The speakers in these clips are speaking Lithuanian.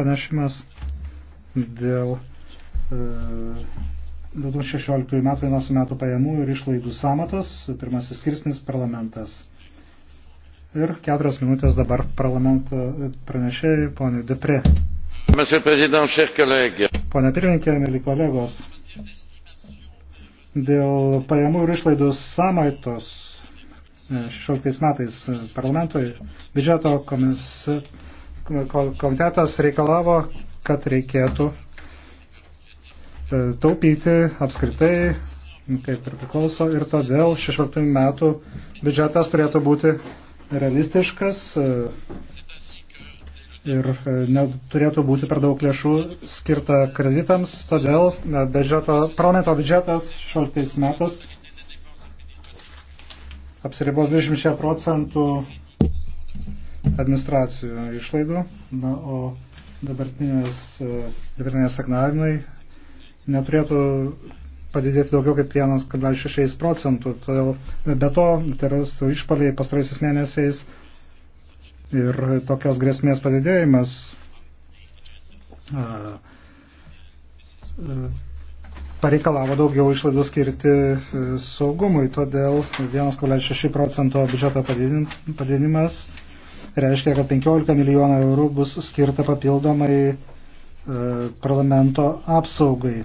pranešimas dėl e, 2016 metų vienos metų pajamų ir išlaidų samatos, pirmasis skirsnis parlamentas. Ir keturias minutės dabar parlamento pranešėjai, ponė Depre. Pone pirmininkė, mėly kolegos, dėl pajamų ir išlaidų samaitos 16 e, metais e, parlamentoj biudžeto komis, komitetas reikalavo, kad reikėtų e, taupyti apskritai, kaip ir priklauso, ir todėl 16 metų biudžetas turėtų būti realistiškas e, ir e, neturėtų būti per daug lėšų skirta kreditams, todėl biudžeto, parlamento biudžetas 16 metais apsiribos 20 procentų administracijų išlaidų, na, o dabartinės, e, dabartinės stagnavimai neturėtų padidėti daugiau kaip 1,6 procentų. Todėl be to teroristų išpaliai pastaraisiais mėnesiais ir tokios grėsmės padidėjimas e, e, pareikalavo daugiau išlaidų skirti saugumui, todėl 1,6 procento biudžeto padidinimas reiškia, kad 15 milijonų eurų bus skirta papildomai e, parlamento apsaugai.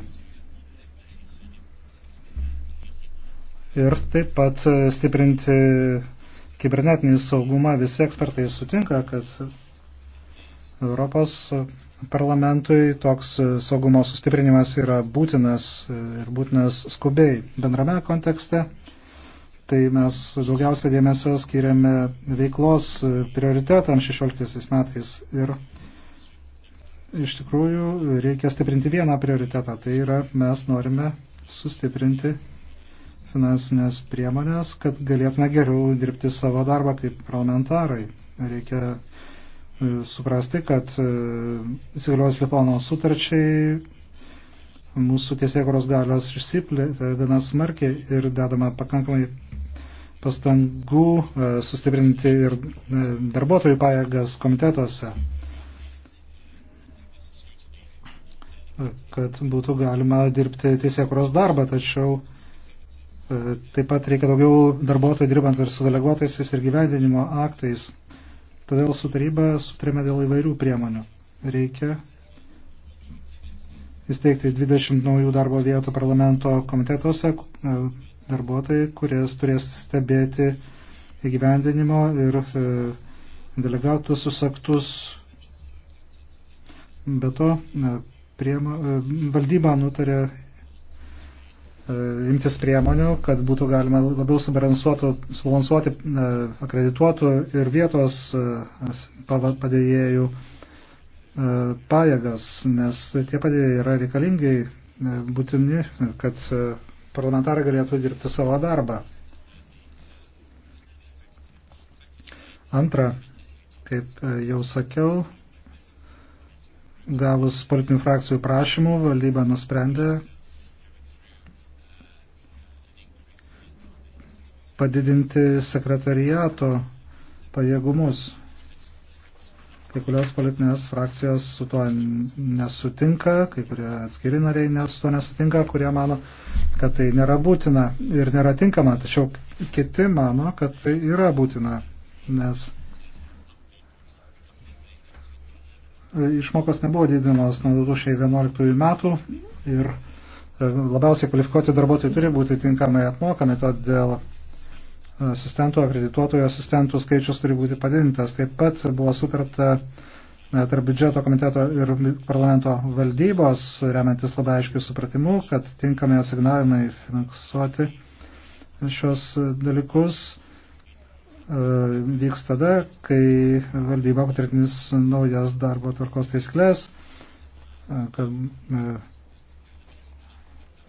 Ir taip pat e, stiprinti kibernetinį saugumą. Visi ekspertai sutinka, kad Europos parlamentui toks saugumo sustiprinimas yra būtinas e, ir būtinas skubiai bendrame kontekste tai mes daugiausia dėmesio skiriame veiklos prioritetams 16 metais ir iš tikrųjų reikia stiprinti vieną prioritetą, tai yra mes norime sustiprinti finansinės priemonės, kad galėtume geriau dirbti savo darbą kaip parlamentarai. Reikia e, suprasti, kad e, įsigaliojus Lipono sutarčiai mūsų tiesiekuros galios išsiplėtė gana smarkiai ir dedama pakankamai pastangų e, sustiprinti ir e, darbuotojų pajėgas komitetuose, e, kad būtų galima dirbti tiesiekuros darbą, tačiau taip pat reikia daugiau darbuotojų dirbant ir su deleguotaisiais ir gyvendinimo aktais. Todėl su taryba sutarėme dėl įvairių priemonių. Reikia įsteigti 20 naujų darbo vietų parlamento komitetuose e, darbuotojai, kurie turės stebėti įgyvendinimo ir e, delegatus susaktus. Be to, e, priema, valdyba nutarė imtis priemonių, kad būtų galima labiau subalansuoti akredituotų ir vietos padėjėjų E, pajėgas, nes tie padėjai yra reikalingi, e, būtini, kad e, parlamentarai galėtų dirbti savo darbą. Antra, kaip jau sakiau, gavus politinių frakcijų prašymų, valdyba nusprendė padidinti sekretariato pajėgumus Kai kurios politinės frakcijos su tuo nesutinka, kai kurie atskiri nariai su tuo nesutinka, kurie mano, kad tai nėra būtina ir nėra tinkama, tačiau kiti mano, kad tai yra būtina, nes e, išmokos nebuvo didinamos nuo 2011 metų ir e, labiausiai kvalifikuoti darbuotojai turi būti tinkamai apmokami, todėl asistentų, akredituotojų asistentų skaičius turi būti padidintas. Taip pat buvo sutarta e, tarp biudžeto komiteto ir parlamento valdybos, remiantis labai aiškiai supratimu, kad tinkami asignavimai finansuoti šios dalykus e, vyks tada, kai valdyba patvirtins naujas darbo tvarkos taisyklės, e, kad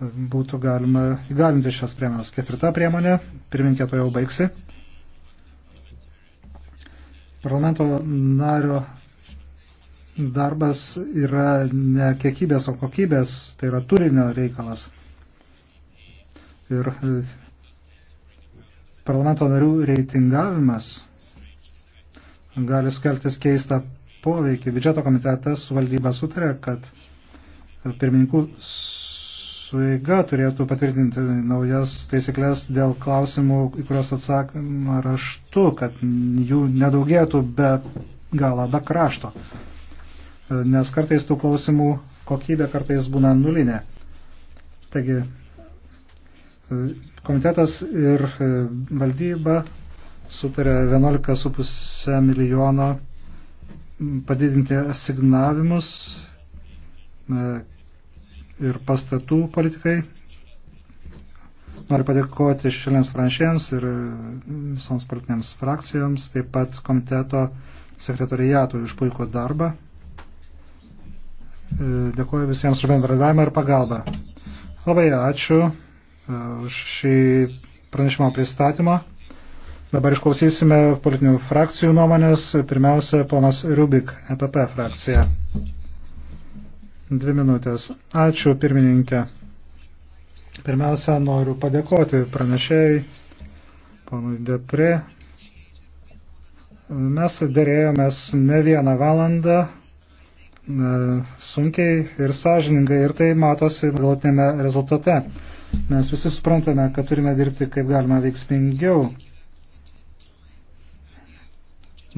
būtų galima įgalinti šios priemonės. Ketvirta priemonė, pirminkė to jau baigsi. Parlamento nario darbas yra ne kiekybės, o kokybės, tai yra turinio reikalas. Ir e, parlamento narių reitingavimas gali skeltis keistą poveikį. Biudžeto komitetas valdyba sutarė, kad pirmininkų suiga turėtų patvirtinti naujas taisyklės dėl klausimų, į kuriuos atsakoma raštu, kad jų nedaugėtų be galo, be krašto. Nes kartais tų klausimų kokybė kartais būna nulinė. Taigi komitetas ir e, valdyba sutarė 11,5 milijono padidinti asignavimus e, ir pastatų politikai. Noriu padėkoti šešėlėms franšėms ir visoms politinėms frakcijoms, taip pat komiteto sekretorijatų už puikų darbą. E, dėkuoju visiems už bendradavimą ir pagalbą. Labai ačiū e, už šį pranešimo pristatymą. Dabar išklausysime politinių frakcijų nuomonės. Pirmiausia, ponas Rubik, EPP frakcija. Dvi minutės. Ačiū, pirmininkė. Pirmiausia, noriu padėkoti pranešėjai, ponui Depri. Mes dėrėjomės ne vieną valandą, e, sunkiai ir sąžiningai, ir tai matosi galutinėme rezultate. Mes visi suprantame, kad turime dirbti kaip galima veiksmingiau.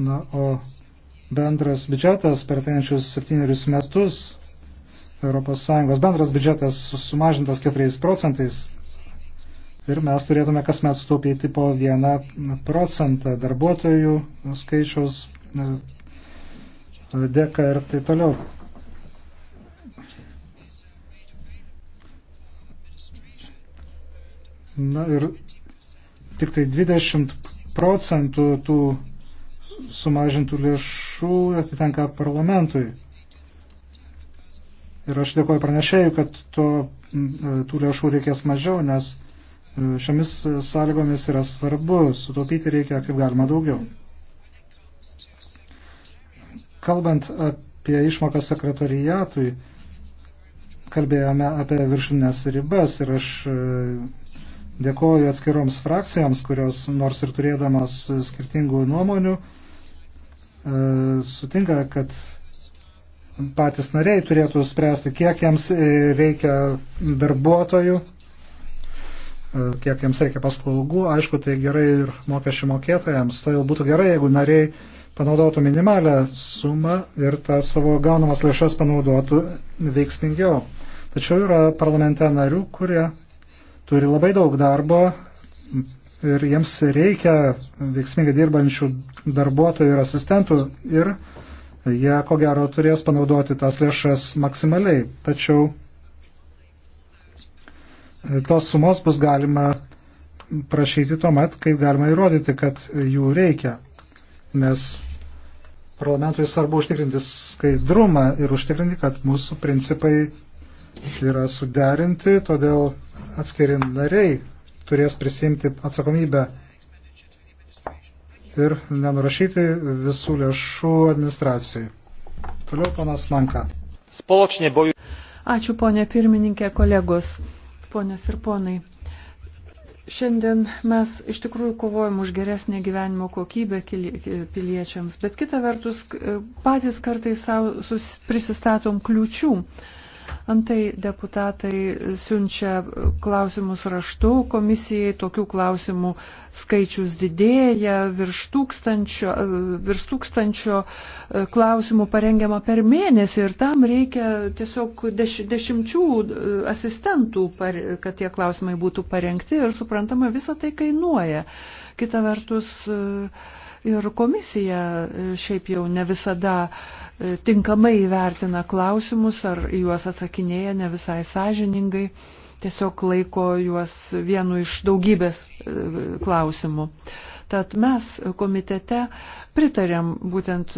Na, o bendras biudžetas per tenčius septynerius metus ES bendras biudžetas sumažintas 4 procentais ir mes turėtume kasmet sutaupyti po 1 procentą darbuotojų skaičiaus e, dėka ir taip toliau. Na ir tik tai 20 procentų tų sumažintų lėšų atitenka parlamentui. Ir aš dėkoju pranešėjui, kad to, e, tų lėšų reikės mažiau, nes e, šiomis sąlygomis yra svarbu, sutaupyti reikia kaip galima daugiau. Kalbant apie išmoką sekretorijatui, kalbėjome apie viršinės ribas ir aš e, dėkoju atskiroms frakcijoms, kurios nors ir turėdamas skirtingų nuomonių, sutinka, kad patys nariai turėtų spręsti, kiek jiems e, reikia darbuotojų, e, kiek jiems reikia paslaugų. Aišku, tai gerai ir mokesčių mokėtojams. Tai jau būtų gerai, jeigu nariai panaudotų minimalę sumą ir tą savo gaunamas lėšas panaudotų veiksmingiau. Tačiau yra parlamente narių, kurie turi labai daug darbo ir jiems reikia veiksmingai dirbančių darbuotojų ir asistentų ir Jie, ko gero, turės panaudoti tas lėšas maksimaliai, tačiau e, tos sumos bus galima prašyti tuomet, kai galima įrodyti, kad jų reikia. Nes parlamentui svarbu užtikrinti skaidrumą ir užtikrinti, kad mūsų principai yra suderinti, todėl atskiri nariai turės prisimti atsakomybę ir nenurašyti visų lėšų administracijai. Toliau panas Manka. Spoločne boju. Ačiū ponė pirmininkė, kolegos, ponės ir ponai. Šiandien mes iš tikrųjų kovojam už geresnę gyvenimo kokybę piliečiams, bet kita vertus patys kartais prisistatom kliučių Antai deputatai siunčia klausimus raštu komisijai, tokių klausimų skaičius didėja, virš tūkstančio, virš tūkstančio e, klausimų parengiama per mėnesį ir tam reikia tiesiog deš, dešimčių e, asistentų, par, kad tie klausimai būtų parengti ir suprantama, visa tai kainuoja. Kita vertus, uh, ir komisija e, šiaip jau ne visada e, tinkamai įvertina klausimus ar juos atsakinėja ne visai sąžiningai, tiesiog laiko juos vienu iš daugybės e, klausimų. Tad mes komitete pritarėm būtent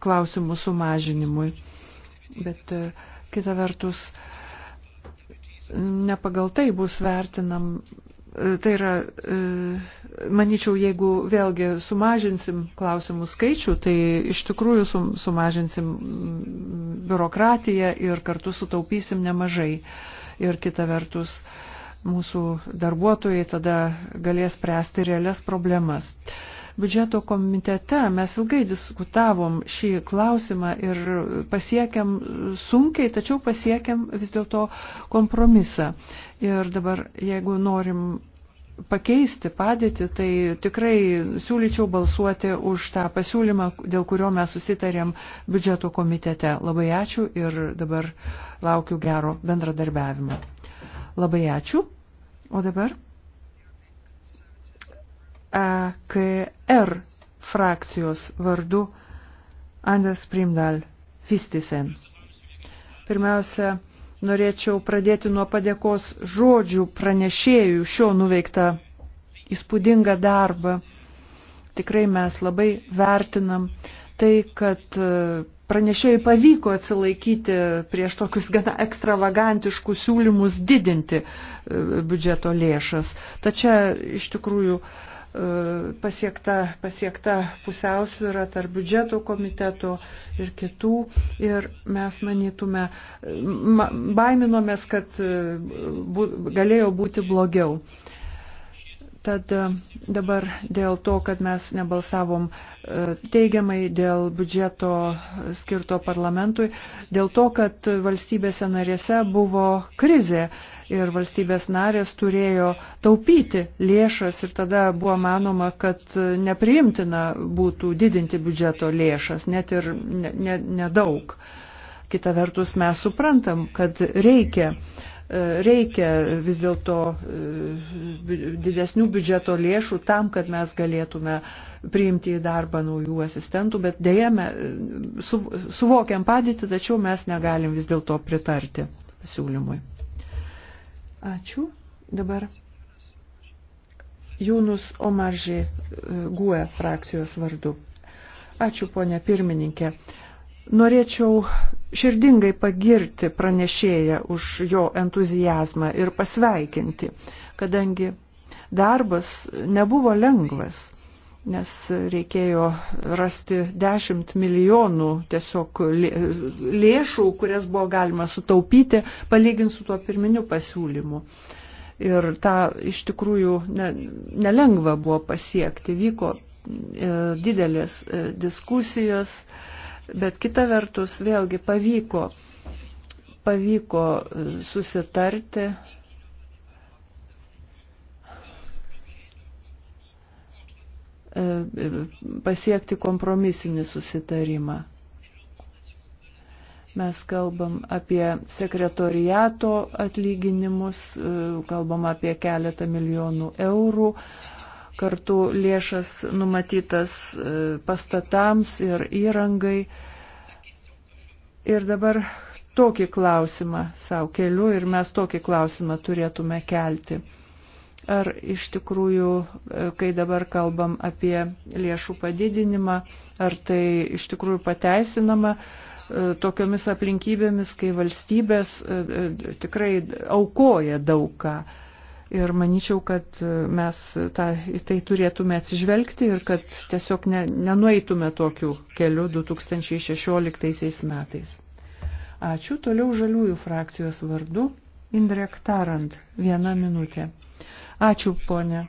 klausimų sumažinimui. Bet kita vertus, ne pagal tai bus vertinam, Tai yra, e, manyčiau, jeigu vėlgi sumažinsim klausimų skaičių, tai iš tikrųjų sumažinsim mm, biurokratiją ir kartu sutaupysim nemažai. Ir kita vertus, mūsų darbuotojai tada galės pręsti realias problemas. Uh, biudžeto komitete mes ilgai diskutavom šį klausimą ir pasiekėm sunkiai, tačiau pasiekėm vis dėlto kompromisą. Ir dabar, jeigu norim pakeisti padėtį, tai tikrai siūlyčiau balsuoti už tą pasiūlymą, dėl kurio mes susitarėm biudžeto komitete. Labai ačiū ir dabar laukiu gero bendradarbiavimo. Labai ačiū. O dabar EKR frakcijos vardu Andes Primdal Fistisen. Pirmiausia, norėčiau pradėti nuo padėkos žodžių pranešėjų šio nuveiktą įspūdingą darbą. Tikrai mes labai vertinam tai, kad e, pranešėjai pavyko atsilaikyti prieš tokius gana ekstravagantiškus siūlymus didinti e, biudžeto lėšas. Tačiau iš tikrųjų E, pasiekta, pasiekta pusiausvyrą tarp biudžeto komiteto ir kitų. Ir mes manytume, baiminomės, kad e, galėjo būti blogiau. Tad e, dabar dėl to, kad mes nebalsavom e, teigiamai dėl biudžeto skirto parlamentui, dėl to, kad valstybėse narėse buvo krizė ir valstybės narės turėjo taupyti lėšas ir tada buvo manoma, kad nepriimtina būtų didinti biudžeto lėšas, net ir nedaug. Ne, ne Kita vertus, mes suprantam, kad reikia uh, reikia vis dėlto e, didesnių biudžeto lėšų tam, kad mes galėtume priimti į darbą naujų asistentų, bet dėja, su, suvokiam padėtį, tačiau mes negalim vis dėlto pritarti siūlymui. Ačiū. Dabar Jūnus Omaržė e, Guė frakcijos vardu. Ačiū, ponė pirmininkė. Norėčiau širdingai pagirti pranešėją už jo entuzijazmą ir pasveikinti, kadangi darbas nebuvo lengvas nes reikėjo rasti 10 milijonų tiesiog lėšų, kurias buvo galima sutaupyti, palyginti su tuo pirminiu pasiūlymu. Ir tą iš tikrųjų ne, nelengva buvo pasiekti. Vyko e, didelės e, diskusijos, e, Bet kita vertus, vėlgi pavyko, pavyko e, susitarti. E, e, pasiekti kompromisinį susitarimą mes kalbam apie sekretoriato atlyginimus, kalbam apie keletą milijonų eurų, kartu lėšas numatytas e, pastatams ir įrangai. Ir dabar tokį klausimą savo keliu ir mes tokį klausimą turėtume kelti. Ar iš tikrųjų, e, kai dabar kalbam apie lėšų padidinimą, ar tai iš tikrųjų pateisinama e, tokiomis aplinkybėmis, kai valstybės tikrai aukoja daug ką. Ir manyčiau, kad mes tą, į tai turėtume atsižvelgti ir kad tiesiog ne, nenueitume tokiu keliu 2016 metais. Ačiū. Toliau žaliųjų frakcijos vardu. Indrek Tarant. Viena minutė. Ačiū, ponė.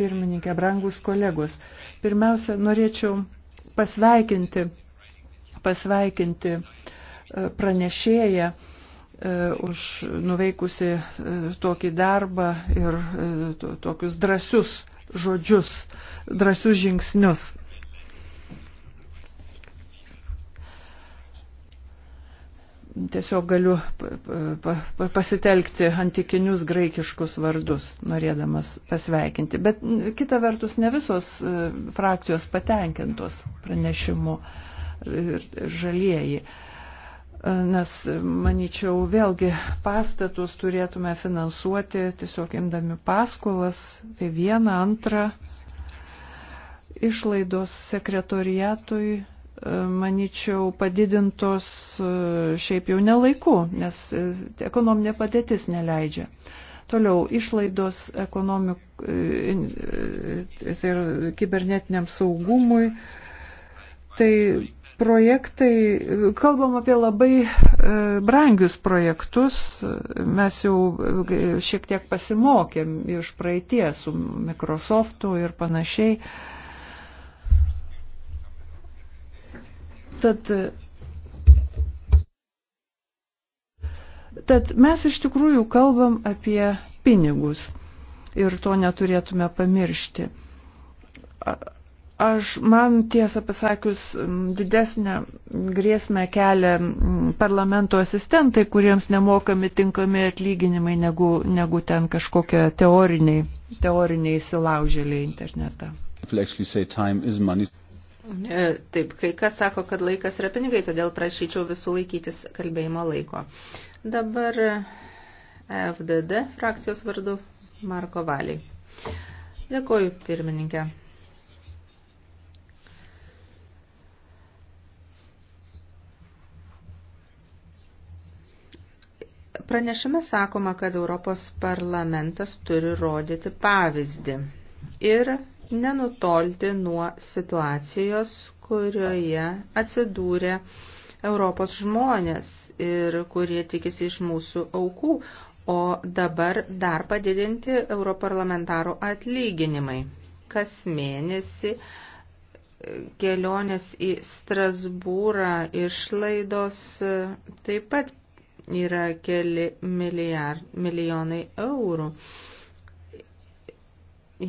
Pirmininkė, brangus kolegos. Pirmiausia, norėčiau pasveikinti, pasveikinti e, pranešėją E, už nuveikusi e, tokį darbą ir e, tokius drąsius žodžius, drąsius žingsnius. Tiesiog galiu pasitelkti antikinius graikiškus vardus, norėdamas pasveikinti. Bet kita vertus, ne visos frakcijos patenkintos pranešimu ir žalieji. E, nes, manyčiau, vėlgi pastatus turėtume finansuoti tiesiog imdami paskolas, tai vieną, antrą, išlaidos sekretoriatui, e, manyčiau, padidintos e, šiaip jau nelaiku, nes ekonominė padėtis neleidžia. Toliau išlaidos ekonomik ir tai kibernetiniam saugumui, Tai projektai, kalbam apie labai e, brangius projektus, mes jau e, šiek tiek pasimokėm iš praeities su Microsoftu ir panašiai. Tad, tad mes iš tikrųjų kalbam apie pinigus ir to neturėtume pamiršti Aš man tiesą pasakius didesnę grėsmę kelia parlamento asistentai, kuriems nemokami tinkami atlyginimai negu, negu ten kažkokie teoriniai, teoriniai įsilaužėliai internetą. E, taip, kai kas sako, kad laikas yra pinigai, todėl prašyčiau visų laikytis kalbėjimo laiko. Dabar e, FDD frakcijos vardu Marko Valiai. Dėkoju, pirmininkė. Pranešime sakoma, kad Europos parlamentas turi rodyti pavyzdį ir nenutolti nuo situacijos, kurioje atsidūrė Europos žmonės ir kurie tikisi iš mūsų aukų, o dabar dar padidinti europarlamentarų atlyginimai. Kas mėnesį e, kelionės į Strasbūrą išlaidos e, taip pat yra keli milijar, milijonai eurų.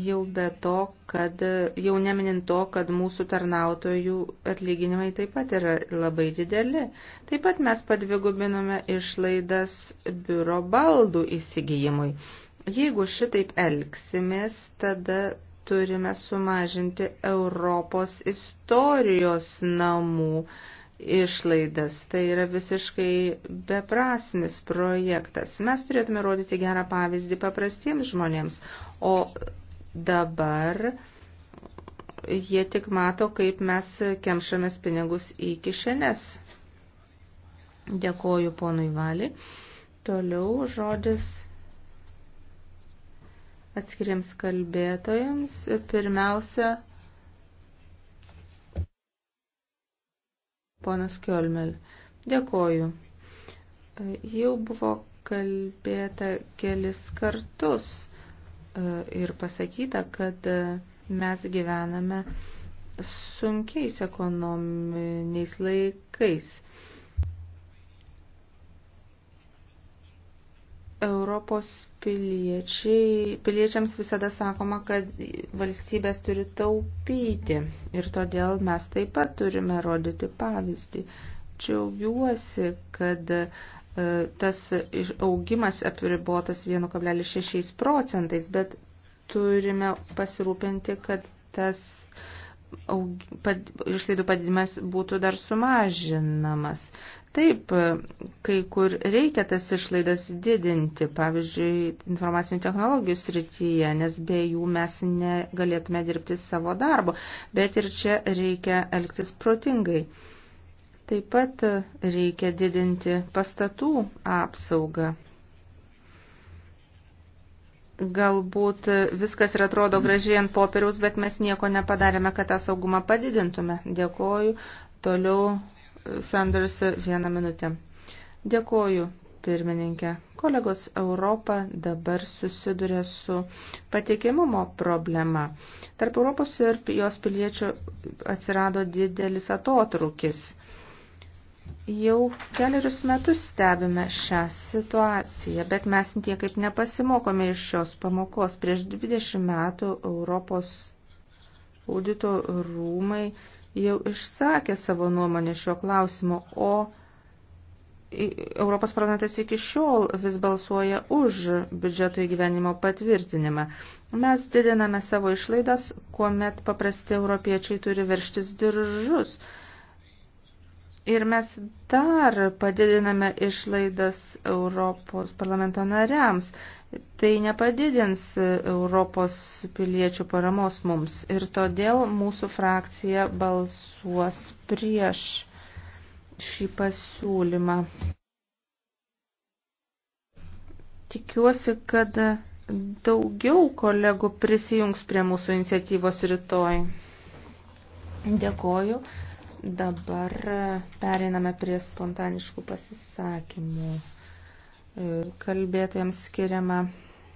Jau be to, kad jau neminint to, kad mūsų tarnautojų atlyginimai taip pat yra labai dideli. Taip pat mes padvigubinome išlaidas biuro baldų įsigijimui. Jeigu šitaip elgsimės, tada turime sumažinti Europos istorijos namų uh, išlaidas. Tai yra visiškai beprasmis projektas. Mes turėtume rodyti gerą pavyzdį paprastiems žmonėms, o dabar jie tik mato, kaip mes kemšamės pinigus į kišenes. Dėkoju ponui Vali. Toliau žodis atskiriams kalbėtojams. Pirmiausia, Ponas Kiolmel, dėkoju. Jau buvo kalbėta kelis kartus e, ir pasakyta, kad e, mes gyvename sunkiais ekonominiais laikais. Europos piliečiai, piliečiams visada sakoma, kad valstybės turi taupyti ir todėl mes taip pat turime rodyti pavyzdį. Džiaugiuosi, kad e, tas augimas apribotas 1,6 procentais, bet turime pasirūpinti, kad tas išlaidų padidimas būtų dar sumažinamas. Taip, kai kur reikia tas išlaidas didinti, pavyzdžiui, informacinių technologijų srityje, nes be jų mes negalėtume dirbti savo darbo, bet ir čia reikia elgtis protingai. Taip pat reikia didinti pastatų apsaugą galbūt viskas ir atrodo gražiai ant popieriaus, bet mes nieko nepadarėme, kad tą saugumą padidintume. Dėkoju. Toliau Sanders vieną minutę. Dėkoju, pirmininkė. Kolegos Europa dabar susiduria su patikimumo problema. Tarp Europos ir jos piliečių atsirado didelis atotrukis jau keliarius metus stebime šią situaciją, bet mes tiek kaip nepasimokome iš šios pamokos. Prieš 20 metų Europos audito rūmai jau išsakė savo nuomonę šio klausimo, o Europos parlamentas iki šiol vis balsuoja už biudžeto įgyvenimo patvirtinimą. Mes didiname savo išlaidas, kuomet paprasti europiečiai turi verštis diržus. Ir mes dar padidiname išlaidas Europos parlamento nariams. Tai nepadidins Europos piliečių paramos mums. Ir todėl mūsų frakcija balsuos prieš šį pasiūlymą. Tikiuosi, kad daugiau kolegų prisijungs prie mūsų iniciatyvos rytoj. Dėkoju. Dabar pereiname prie spontaniškų pasisakymų. E, kalbėtojams skiriama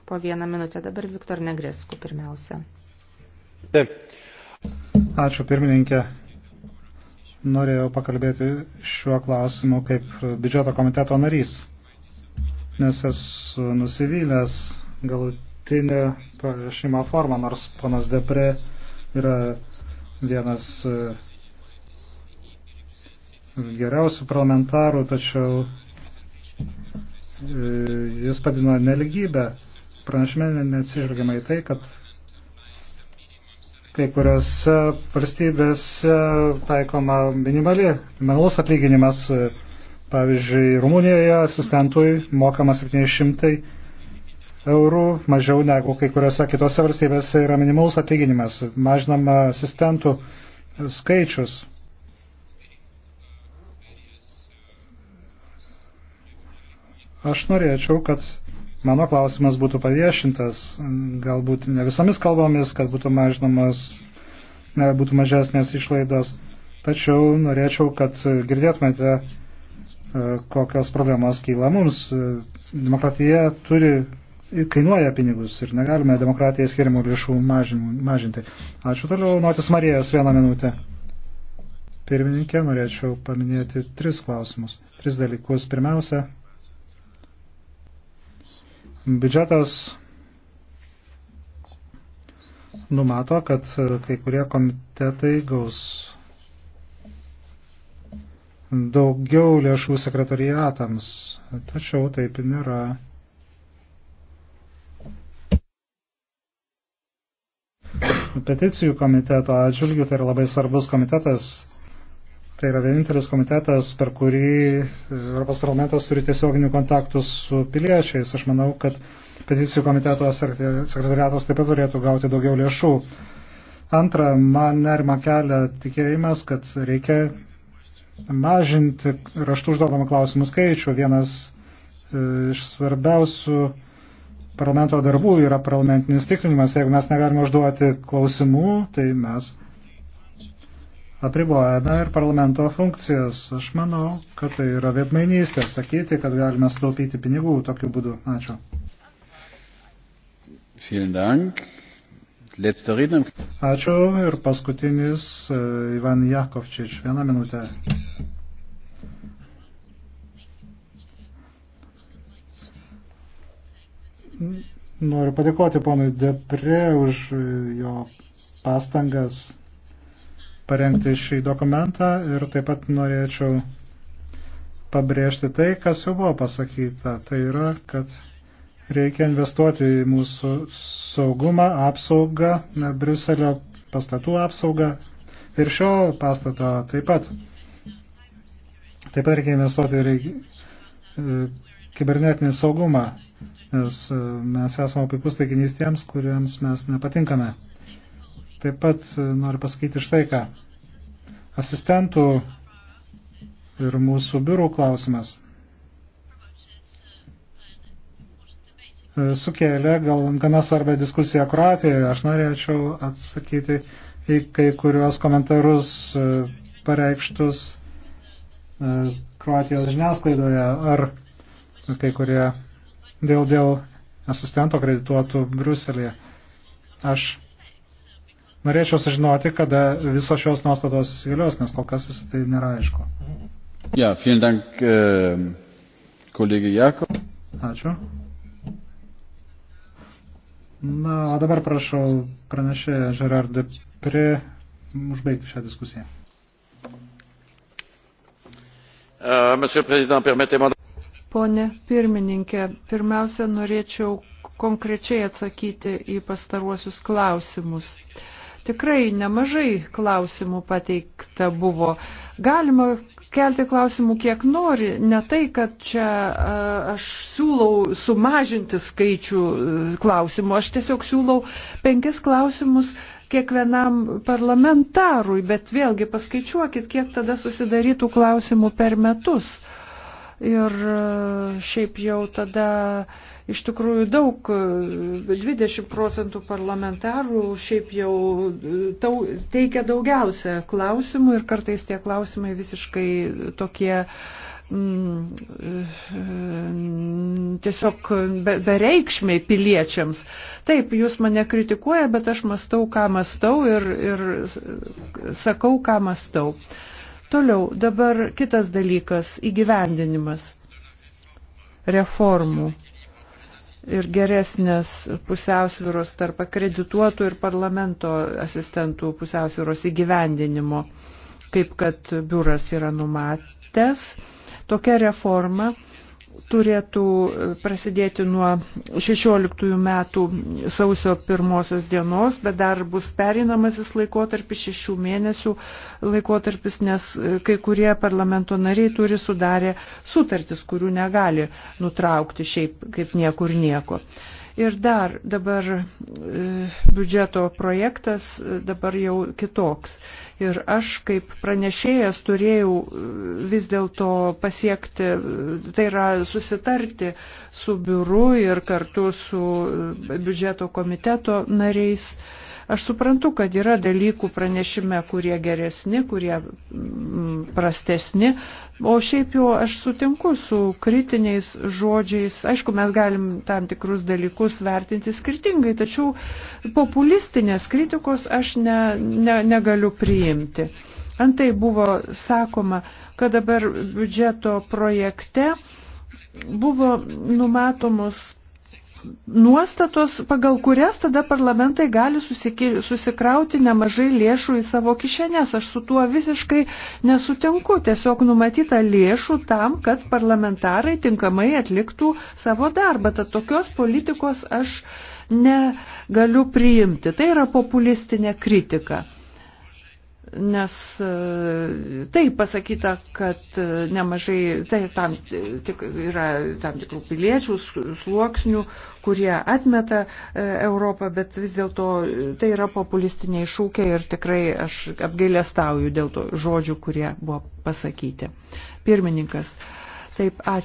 po vieną minutę. Dabar Viktor Negresku pirmiausia. Ačiū pirmininkė. Norėjau pakalbėti šiuo klausimu kaip biudžeto komiteto narys, nes esu nusivylęs galutinę pranešimo formą, nors panas Depre yra vienas e, geriausių parlamentarų, tačiau e, jis padino neligybę. Pranešime neatsižvelgiama į tai, kad kai kuriuose valstybėse taikoma minimali, minimalus atlyginimas. E, pavyzdžiui, Rumunijoje asistentui mokama 700 eurų mažiau negu kai kuriuose kitose valstybėse yra minimalus atlyginimas. Mažinama asistentų skaičius. Aš norėčiau, kad mano klausimas būtų paviešintas, galbūt ne visomis kalbomis, kad būtų mažinamas, ne, būtų mažesnės išlaidos, tačiau norėčiau, kad girdėtumėte, e, kokios problemos kyla mums. Demokratija turi, kainuoja pinigus ir negalime demokratijai skirimų lėšų mažinti. Ačiū toliau, Notis Marijas, vieną minutę. Pirmininkė, norėčiau paminėti tris klausimus, tris dalykus. Pirmiausia, Biudžetas numato, kad e, kai kurie komitetai gaus daugiau lėšų sekretariatams, tačiau taip nėra. Peticijų komiteto atžvilgių tai yra labai svarbus komitetas, tai yra vienintelis komitetas, per kurį e, Europos parlamentas turi tiesioginių kontaktų su piliečiais. Aš manau, kad peticijų komiteto sekretariatas taip pat turėtų gauti daugiau lėšų. Antra, man nerima kelia tikėjimas, kad reikia mažinti raštų užduodamų klausimų skaičių. Vienas e, iš svarbiausių parlamento darbų yra parlamentinis tikrinimas. Jeigu mes negalime užduoti klausimų, tai mes apriboja na, ir parlamento funkcijas. Aš manau, kad tai yra vietmainystė sakyti, kad galime sutaupyti pinigų tokiu būdu. Ačiū. Ačiū ir paskutinis e, Ivan Jakovčič. Vieną minutę. Noriu padėkoti ponui Depre už jo pastangas parengti šį dokumentą ir taip pat norėčiau pabrėžti tai, kas jau buvo pasakyta. Tai yra, kad reikia investuoti į mūsų saugumą, apsaugą, Briuselio pastatų apsaugą ir šio pastato taip pat. Taip pat reikia investuoti ir į e, kibernetinį saugumą, nes e, mes esame puikus taikinys tiems, kuriems mes nepatinkame. Taip pat e, noriu pasakyti štai ką. Asistentų ir mūsų biurų klausimas e, sukėlė gal gana svarbę diskusiją Kroatijoje. Aš norėčiau atsakyti į kai kuriuos komentarus e, pareikštus Kroatijos žiniasklaidoje ar kai kurie dėl, dėl asistento kredituotų Bruselėje. Aš Norėčiau sužinoti, kada visos šios nuostatos įsigalios, nes kol kas visą tai nėra aišku. Ja, vielen Dank, äh, kolegė Jakob. Ačiū. Na, o dabar prašau pranešėją Gerard Depri užbaigti šią diskusiją. Äh, Pone pirmininkė, pirmiausia, norėčiau konkrečiai atsakyti į pastaruosius klausimus. Uh, Tikrai nemažai klausimų pateikta buvo. Galima kelti klausimų kiek nori, ne tai, kad čia aš siūlau sumažinti skaičių e, klausimų, aš tiesiog siūlau penkis klausimus kiekvienam parlamentarui, bet vėlgi paskaičiuokit, kiek tada susidarytų klausimų per metus ir e, šiaip jau tada iš tikrųjų daug, 20 e, procentų parlamentarų šiaip jau e, tau, teikia daugiausia klausimų ir kartais tie klausimai visiškai tokie mm, tiesiog bereikšmiai piliečiams. Taip, jūs mane kritikuoja, bet aš mastau, ką mastau ir, ir sakau, ką mastau. Uh, Toliau, dabar kitas dalykas - įgyvendinimas reformų ir geresnės pusiausviros tarp akredituotų ir parlamento asistentų pusiausviros įgyvendinimo, kaip kad biuras yra numatęs. Tokia reforma turėtų prasidėti nuo 16 metų sausio pirmosios dienos, bet dar bus perinamasis laikotarpis, šešių mėnesių laikotarpis, nes kai kurie parlamento nariai turi sudarę sutartis, kurių negali nutraukti šiaip kaip niekur nieko. nieko. Ir dar dabar e, biudžeto projektas e, dabar jau kitoks. Ir aš kaip pranešėjas turėjau e, vis dėlto pasiekti, e, tai yra susitarti su biuru ir kartu su biudžeto komiteto nariais. E, Aš suprantu, kad yra dalykų pranešime, kurie geresni, kurie mm, prastesni, o šiaip jau aš sutinku su kritiniais žodžiais. Aišku, mes galim tam tikrus dalykus vertinti skirtingai, tačiau populistinės kritikos aš ne, ne, negaliu priimti. Antai buvo sakoma, kad dabar biudžeto projekte buvo numatomos nuostatos, pagal kurias tada parlamentai gali susikrauti nemažai lėšų į savo kišenės. Aš su tuo visiškai nesutinku. Tiesiog numatyta lėšų tam, kad parlamentarai tinkamai atliktų savo darbą. Tad tokios politikos aš negaliu priimti. Tai yra populistinė kritika nes e, taip pasakyta, kad e, nemažai, tai tam e, tik yra tam tikrų piliečių sluoksnių, kurie atmeta Europą, bet vis dėlto tai yra populistiniai šūkiai ir tikrai aš apgailestauju dėl to žodžių, kurie buvo pasakyti. Pirmininkas. Taip, ačiū.